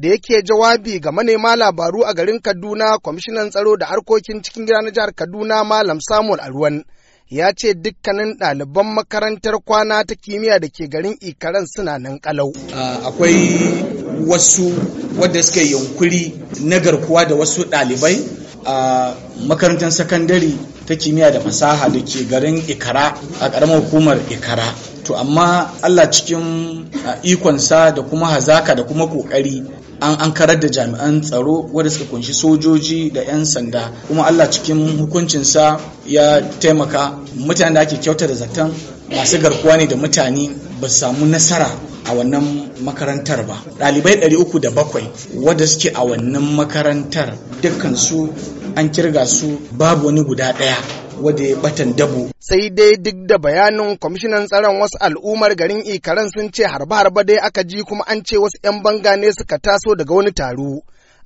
da yake jawabi ga manema labaru a garin Kaduna kwamishinan tsaro da harkokin cikin gida na jihar Kaduna Malam Samuel Alwan ya ce dukkanin ɗaliban makarantar kwana ta kimiyya da ke garin Ikaran suna nan kalau. Akwai wasu wadda suka yunkuri na garkuwa da wasu ɗalibai a makarantar sakandare ta kimiyya da fasaha da ke garin Ikara a ƙaramar hukumar Ikara. to amma Allah cikin ah, ikonsa da kuma hazaka da kuma kokari an an karar da jami'an tsaro wanda suka kunshi sojoji da 'yan sanda kuma Allah cikin hukuncinsa ya taimaka mutane da ake kyauta da zaton masu garkuwa ne da mutane ba su samu nasara a wannan makarantar ba ɗalibai 307 wadda suke a wannan makarantar dukkan su an kirga su babu wani guda ɗaya wadda ya batan dabo. Sai dai duk da bayanin kwamishinan tsaron wasu al'ummar garin Ikaran sun ce harba-harba dai aka ji kuma an ce wasu 'yan banga ne suka taso daga wani taro.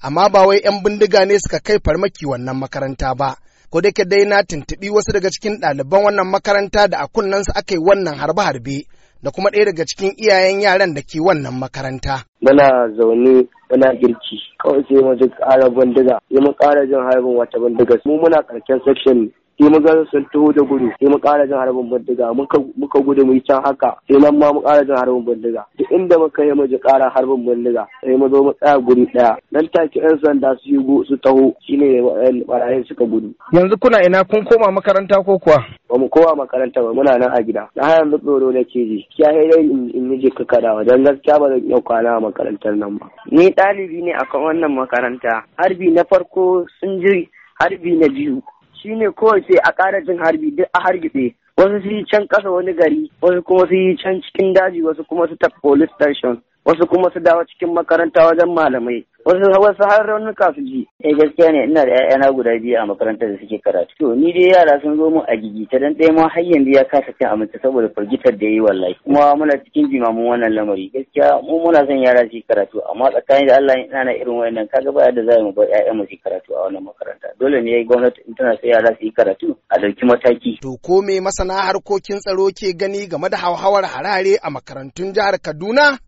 Amma ba wai 'yan bindiga ne suka kai farmaki wannan makaranta ba. Ko da dai na tuntuɓi wasu daga cikin ɗaliban wannan makaranta da a su aka yi wannan harbe-harbe da kuma ɗaya daga cikin iyayen yaran da ke wannan makaranta. muna zaune muna girki kawai sai mu ji ƙara bandiga sai mu ƙara jin harbin wata bandiga mu muna karken section sai mu gaza sun taho da gudu sai mu ƙara jin harbin bandiga muka gudu mu yi can haka sai nan ma mu ƙara jin harbin bandiga duk inda muka yi mu ji ƙara harbin bandiga sai mu zo mu tsaya guri ɗaya nan take yan sanda su yi su taho shine barayin suka gudu yanzu kuna ina kun koma makaranta ko kuwa ba mu kowa makaranta ba muna nan a gida na hayan tsoro ke ji kiyaye dai in yi jikka kada wajen gaskiya ba zan iya kwana a makarantar nan ba. Ni ɗalibi ne akan wannan makaranta. Harbi na farko sun ji harbi na biyu. Shi ne kawai sai a ƙara jin harbi duk a hargitse. Wasu su yi can ƙasa wani gari, wasu kuma su yi can cikin daji, wasu kuma su tafi police station. wasu kuma su dawo cikin makaranta wajen malamai wasu wasu har raunuka su ji eh gaskiya ne ina da ƴaƴana guda biyu a makarantar da suke karatu to ni dai yara sun zo mu a ta dan ɗaya ma har yanzu ya kasa cin aminta saboda firgitar da yayi wallahi kuma muna cikin jimamin wannan lamari gaskiya mu muna son yara su karatu amma tsakanin da Allah ina na irin wannan, kaga ba da za mu bar ƴaƴan mu su karatu a wannan makaranta dole ne gwamnati in tana so yara su yi karatu a dauki mataki to ko me masana harkokin tsaro ke gani game da hauhawar harare a makarantun jihar Kaduna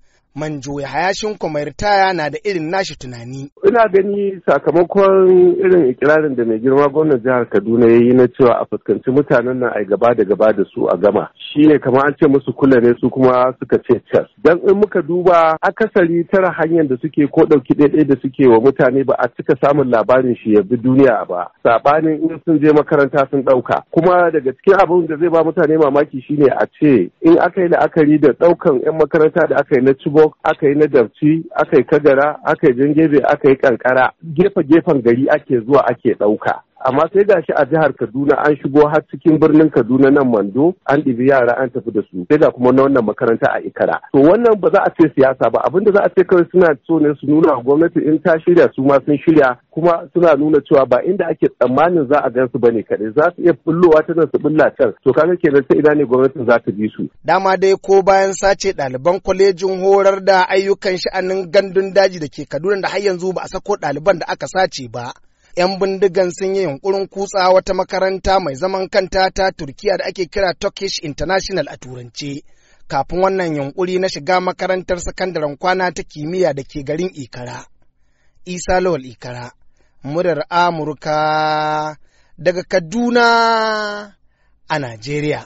juya hayashin kwamaritaya na da irin nashi tunani. Ina gani sakamakon irin ikirarin da mai girma gwamnan jihar Kaduna ya yi na cewa a fuskanci mutanen nan a gaba da gaba da su a gama. Shi ne kamar an ce musu kula ne su kuma suka ce cas. Dan in muka duba akasari tara hanyar da suke ko ɗauki ɗaiɗai da suke wa mutane ba a cika samun labarin shi ya bi duniya ba. Sabanin in sun je makaranta sun ɗauka. Kuma daga cikin abin da zai ba mutane mamaki shine a ce in aka yi la'akari da ɗaukan 'yan makaranta da aka yi na cibo Chibok aka yi na Darci, aka yi Kagara aka yi Jangebe aka yi Kankara gefe gefen gari ake zuwa ake ɗauka. amma sai ga shi a jihar Kaduna an shigo har cikin birnin Kaduna nan Mando an ɗibi yara an tafi da su sai ga kuma na wannan makaranta a Ikara to wannan ba za a ce siyasa ba abinda za a ce kawai suna so ne su nuna gwamnati in ta shirya su ma sun shirya kuma suna nuna cewa ba inda ake tsammanin za a gan su bane kaɗai za su iya bullowa ta nan su bulla can to kaga kenan ta ina ne gwamnatin za ta bi su dama dai ko bayan sace ɗaliban kwalejin horar da ayyukan sha'anin gandun daji da ke Kaduna da har yanzu ba a sako ɗaliban da aka sace ba 'yan bindigan sun yi yunkurin kutsa wata makaranta mai zaman kanta ta Turkiya da ake kira Turkish International a Turance. Kafin wannan yunkuri na shiga makarantar sakandaren kwana ta kimiyya da ke garin Ikara. Isa Lawal Ikara, murar Amurka daga Kaduna a Najeriya.